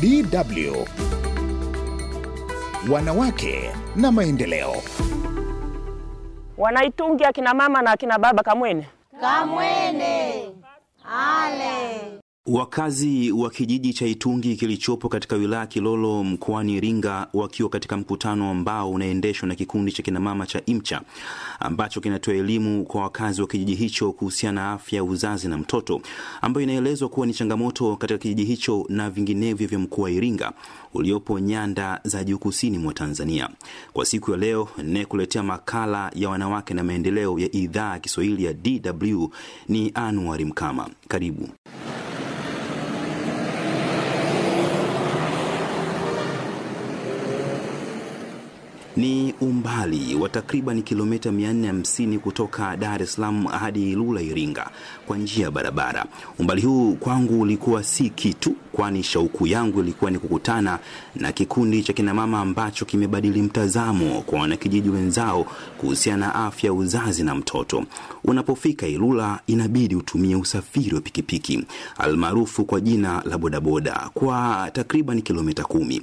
BW. wanawake na maendeleo. Wanaitungia akina mama na akina baba kamwene kamwene ale Wakazi wa kijiji cha Itungi kilichopo katika wilaya Kilolo mkoani Iringa wakiwa katika mkutano ambao unaendeshwa na kikundi cha kinamama cha IMCHA ambacho kinatoa elimu kwa wakazi wa kijiji hicho kuhusiana na afya ya uzazi na mtoto ambayo inaelezwa kuwa ni changamoto katika kijiji hicho na vinginevyo vya mkoa wa Iringa uliopo nyanda za juu kusini mwa Tanzania. Kwa siku ya leo inayekuletea makala ya wanawake na maendeleo ya idhaa ya Kiswahili ya DW ni Anuari Mkama. Karibu. Ni umbali wa takriban kilomita 450 kutoka Dar es Salaam hadi Ilula, Iringa, kwa njia ya barabara. Umbali huu kwangu ulikuwa si kitu, kwani shauku yangu ilikuwa ni kukutana na kikundi cha kinamama ambacho kimebadili mtazamo kwa wanakijiji wenzao kuhusiana na afya uzazi na mtoto. Unapofika Ilula, inabidi utumie usafiri wa pikipiki almaarufu kwa jina la bodaboda kwa takriban kilomita kumi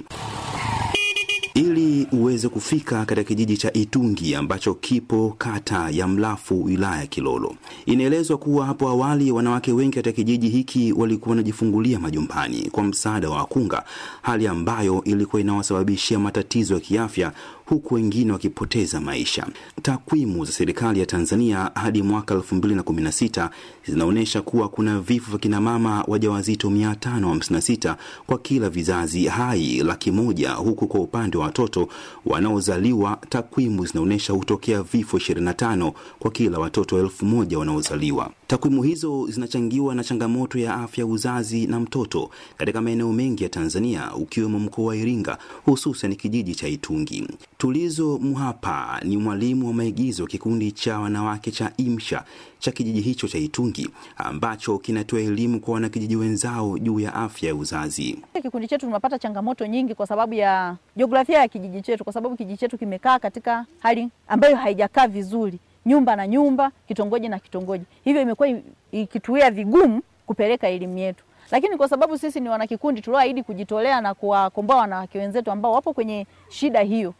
uweze kufika katika kijiji cha Itungi ambacho kipo kata ya Mlafu wilaya ya Kilolo. Inaelezwa kuwa hapo awali wanawake wengi katika kijiji hiki walikuwa wanajifungulia majumbani kwa msaada wa wakunga, hali ambayo ilikuwa inawasababishia matatizo ya kiafya huku wengine wakipoteza maisha. Takwimu za serikali ya Tanzania hadi mwaka 2016 zinaonyesha kuwa kuna vifo vya kinamama wajawazito 556 kwa kila vizazi hai laki moja, huku kwa upande wa watoto wanaozaliwa takwimu zinaonyesha hutokea vifo 25 kwa kila watoto elfu moja wanaozaliwa. Takwimu hizo zinachangiwa na changamoto ya afya uzazi na mtoto katika maeneo mengi ya Tanzania ukiwemo mkoa wa Iringa, hususan kijiji cha Itungi. Tulizo Mhapa ni mwalimu wa maigizo kikundi cha wanawake cha Imsha cha kijiji hicho cha Itungi ambacho kinatoa elimu kwa wanakijiji wenzao juu ya afya ya uzazi. Kikundi chetu tunapata changamoto nyingi kwa sababu ya jiografia ya kijiji chetu, kwa sababu kijiji chetu kimekaa katika hali ambayo haijakaa vizuri nyumba na nyumba, kitongoji na kitongoji. Hivyo imekuwa ikituia vigumu kupeleka elimu yetu, lakini kwa sababu sisi ni wanakikundi tulioahidi kujitolea na kuwakomboa wanawake wenzetu ambao wapo kwenye shida hiyo,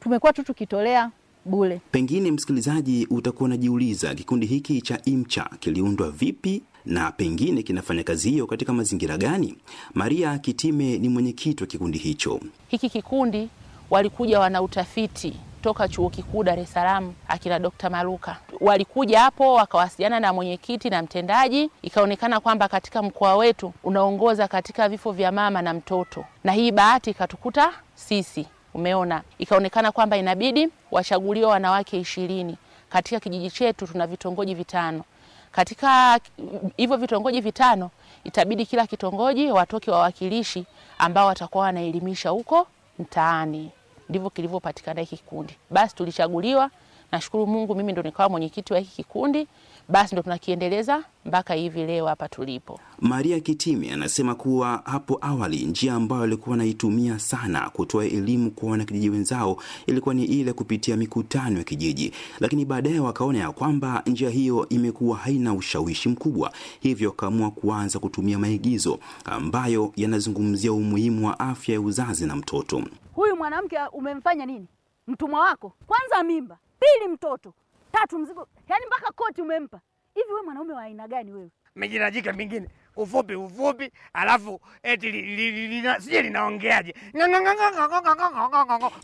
tumekuwa tu tukitolea bule. Pengine msikilizaji, utakuwa unajiuliza kikundi hiki cha IMCHA kiliundwa vipi na pengine kinafanya kazi hiyo katika mazingira gani? Maria Kitime ni mwenyekiti wa kikundi hicho. Hiki kikundi walikuja wana utafiti toka chuo kikuu Dar es Salaam akina Dr. Maluka walikuja hapo wakawasiliana na mwenyekiti na mtendaji, ikaonekana kwamba katika mkoa wetu unaongoza katika vifo vya mama na mtoto, na hii bahati ikatukuta sisi. Umeona, ikaonekana kwamba inabidi wachaguliwe wanawake ishirini katika kijiji chetu. Tuna vitongoji vitano katika hivyo vitongoji vitano itabidi kila kitongoji watoke wawakilishi ambao watakuwa wanaelimisha huko mtaani ndivyo kilivyopatikana hiki kikundi. Basi tulichaguliwa, nashukuru Mungu, mimi ndo nikawa mwenyekiti wa hiki kikundi, basi ndo tunakiendeleza mpaka hivi leo hapa tulipo. Maria Kitimi anasema kuwa hapo awali njia ambayo alikuwa anaitumia sana kutoa elimu kwa wanakijiji wenzao ilikuwa ni ile kupitia mikutano ya kijiji, lakini baadaye wakaona ya kwamba njia hiyo imekuwa haina ushawishi mkubwa, hivyo wakaamua kuanza kutumia maigizo ambayo yanazungumzia umuhimu wa afya ya uzazi na mtoto huyu mwanamke umemfanya nini? Mtumwa wako? Kwanza mimba, pili mtoto, tatu mzigo, yaani mpaka koti umempa. Hivi wewe mwanaume wa aina gani wewe? Mejinajika mingine uvupi uvupi, alafu eti sije linaongeaje?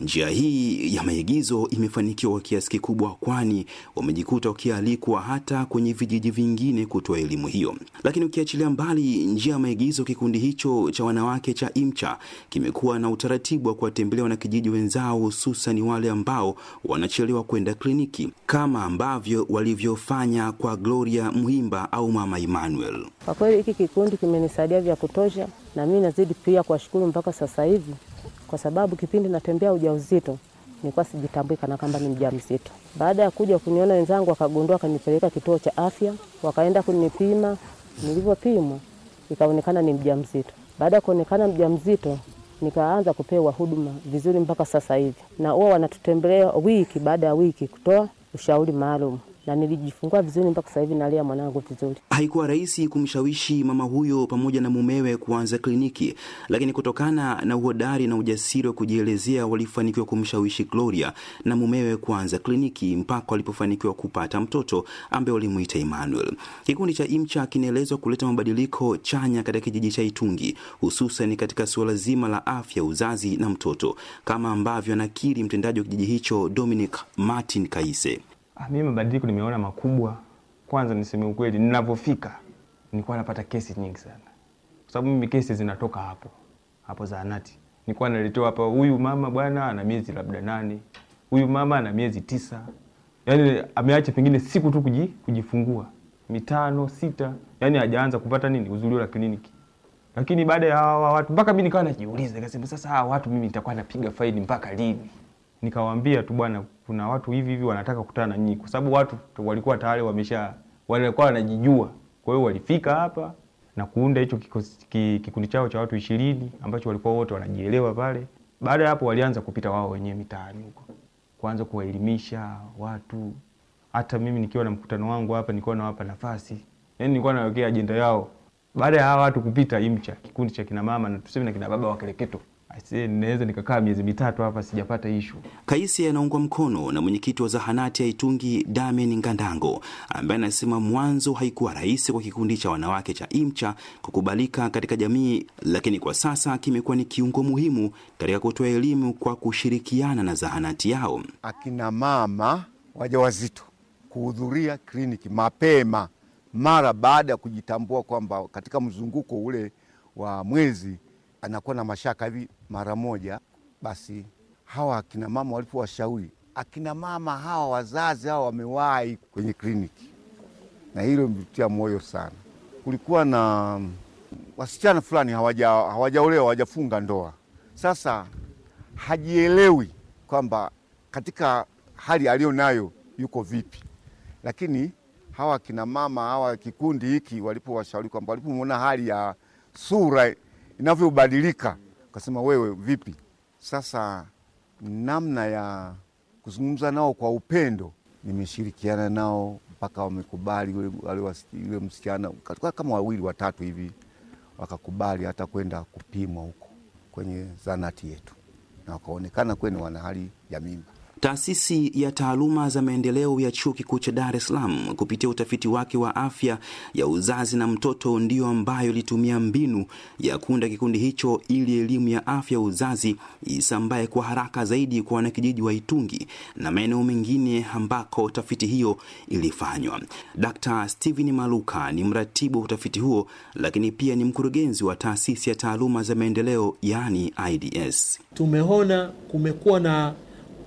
Njia hii ya maigizo imefanikiwa kwa kiasi kikubwa, kwani wamejikuta wakialikwa hata kwenye vijiji vingine kutoa elimu hiyo. Lakini ukiachilia mbali njia ya maigizo, kikundi hicho cha wanawake cha IMCHA kimekuwa na utaratibu wa kuwatembelea wanakijiji wenzao, hususan wale ambao wanachelewa kwenda kliniki kama ambavyo walivyofanya kwa Gloria Muhimba au Mama Emmanuel. Kwa kweli hiki kikundi kimenisaidia vya kutosha, na mimi nazidi pia kuwashukuru mpaka sasa hivi, kwa sababu kipindi natembea ujauzito nilikuwa sijitambui kana kwamba ni mjamzito. Baada ya kuja kuniona wenzangu wakagundua, wakanipeleka kituo cha afya, wakaenda kunipima. Nilivyopimwa ikaonekana ni mjamzito. Baada ya kuonekana mjamzito, nikaanza kupewa huduma vizuri mpaka sasa hivi, na huwa wanatutembelea wiki baada ya wiki kutoa ushauri maalum na nilijifungua vizuri mpaka sasa hivi nalea mwanangu vizuri. Haikuwa rahisi kumshawishi mama huyo pamoja na mumewe kuanza kliniki, lakini kutokana na uhodari na ujasiri wa kujielezea walifanikiwa kumshawishi Gloria na mumewe kuanza kliniki mpaka walipofanikiwa kupata mtoto ambaye walimuita Emmanuel. Kikundi cha IMCHA kinaelezwa kuleta mabadiliko chanya katika kijiji cha Itungi, hususan katika suala zima la afya uzazi na mtoto, kama ambavyo anakiri mtendaji wa kijiji hicho Dominic Martin Kaise. Ah, mimi mabadiliko nimeona makubwa. Kwanza niseme ukweli, ninavyofika nilikuwa napata kesi nyingi sana, kwa sababu mimi kesi zinatoka hapo hapo zahanati. Nilikuwa naletewa hapa, huyu mama bwana ana miezi labda nane, huyu mama ana miezi tisa, yaani ameacha pengine siku tu kuji, kujifungua mitano sita, yaani hajaanza kupata nini uzulio la kliniki. Lakini baada ya hawa watu mpaka mimi nikawa najiuliza, nikasema sasa hawa watu mimi nitakuwa napiga faini mpaka lini? nikawaambia tu bwana, kuna watu hivi hivi wanataka kukutana na nyinyi, kwa sababu watu walikuwa tayari wamesha walikuwa wanajijua. Kwa hiyo walifika hapa na kuunda hicho kikundi chao cha watu ishirini ambacho walikuwa wote wanajielewa pale. Baada ya hapo, walianza kupita wao wenyewe mitaani huko, kuanza kuwaelimisha watu. Hata mimi nikiwa na mkutano wangu hapa, nilikuwa nawapa nafasi, yani nilikuwa nawekea ajenda yao. Baada ya hawa watu kupita IMCHA, kikundi cha kina mama na tuseme na kina baba wa Keleketo naweza nikakaa miezi mitatu hapa sijapata ishu. Kaisi anaungwa mkono na mwenyekiti wa zahanati ya Itungi Damen Ngandango, ambaye anasema mwanzo haikuwa rahisi kwa kikundi cha wanawake cha Imcha kukubalika katika jamii, lakini kwa sasa kimekuwa ni kiungo muhimu katika kutoa elimu kwa kushirikiana na zahanati yao. Akina mama wajawazito kuhudhuria kliniki mapema mara baada ya kujitambua kwamba katika mzunguko ule wa mwezi anakuwa na mashaka hivi mara moja, basi hawa akina mama walipowashauri, akina mama hawa wazazi hawa wamewahi kwenye kliniki, na hilo mlitia moyo sana. Kulikuwa na mm, wasichana fulani hawajaolewa, hawaja hawajafunga ndoa. Sasa hajielewi kwamba katika hali aliyonayo yuko vipi, lakini hawa akinamama mama hawa kikundi hiki walipowashauri kwamba walipomwona hali ya sura inavyobadilika, ukasema wewe vipi? Sasa namna ya kuzungumza nao kwa upendo, nimeshirikiana nao mpaka wamekubali. Yule msichana kama wawili watatu hivi wakakubali hata kwenda kupimwa huko kwenye zanati yetu, na wakaonekana kweni wana hali ya mimba. Taasisi ya taaluma za maendeleo ya chuo kikuu cha Dar es Salaam kupitia utafiti wake wa afya ya uzazi na mtoto ndiyo ambayo ilitumia mbinu ya kuunda kikundi hicho ili elimu ya afya ya uzazi isambae kwa haraka zaidi kwa wanakijiji wa Itungi na maeneo mengine ambako tafiti hiyo ilifanywa. d Steven Maluka ni mratibu wa utafiti huo, lakini pia ni mkurugenzi wa taasisi ya taaluma za maendeleo yaani IDS. Tumeona kumekuwa na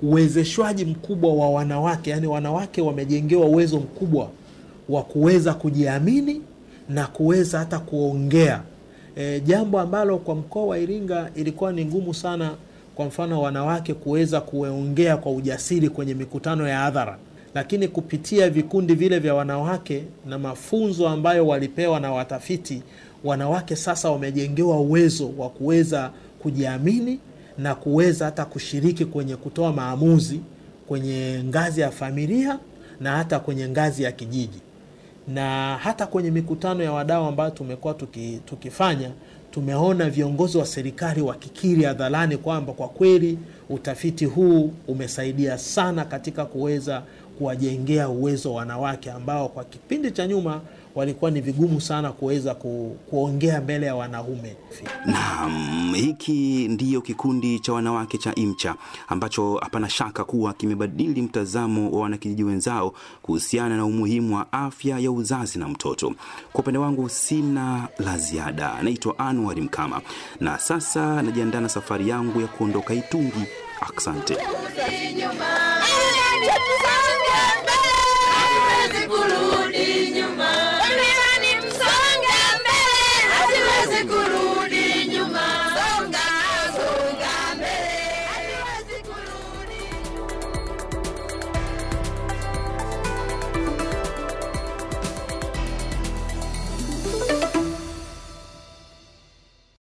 uwezeshwaji mkubwa wa wanawake, yani wanawake wamejengewa uwezo mkubwa wa kuweza kujiamini na kuweza hata kuongea e, jambo ambalo kwa mkoa wa Iringa ilikuwa ni ngumu sana, kwa mfano wanawake kuweza kuongea kwa ujasiri kwenye mikutano ya hadhara, lakini kupitia vikundi vile vya wanawake na mafunzo ambayo walipewa na watafiti, wanawake sasa wamejengewa uwezo wa kuweza kujiamini na kuweza hata kushiriki kwenye kutoa maamuzi kwenye ngazi ya familia na hata kwenye ngazi ya kijiji na hata kwenye mikutano ya wadau ambayo tumekuwa tuki, tukifanya tumeona viongozi wa serikali wakikiri hadharani kwamba kwa kweli utafiti huu umesaidia sana katika kuweza kuwajengea uwezo wanawake ambao kwa kipindi cha nyuma walikuwa ni vigumu sana kuweza ku, kuongea mbele ya wanaume. Naam, hiki ndiyo kikundi cha wanawake cha Imcha ambacho hapana shaka kuwa kimebadili mtazamo wa wanakijiji wenzao kuhusiana na umuhimu wa afya ya uzazi na mtoto. Kwa upande wangu sina la ziada. Naitwa Anwar Januari Mkama, na sasa najiandaa na safari yangu ya kuondoka Itungi. Asante.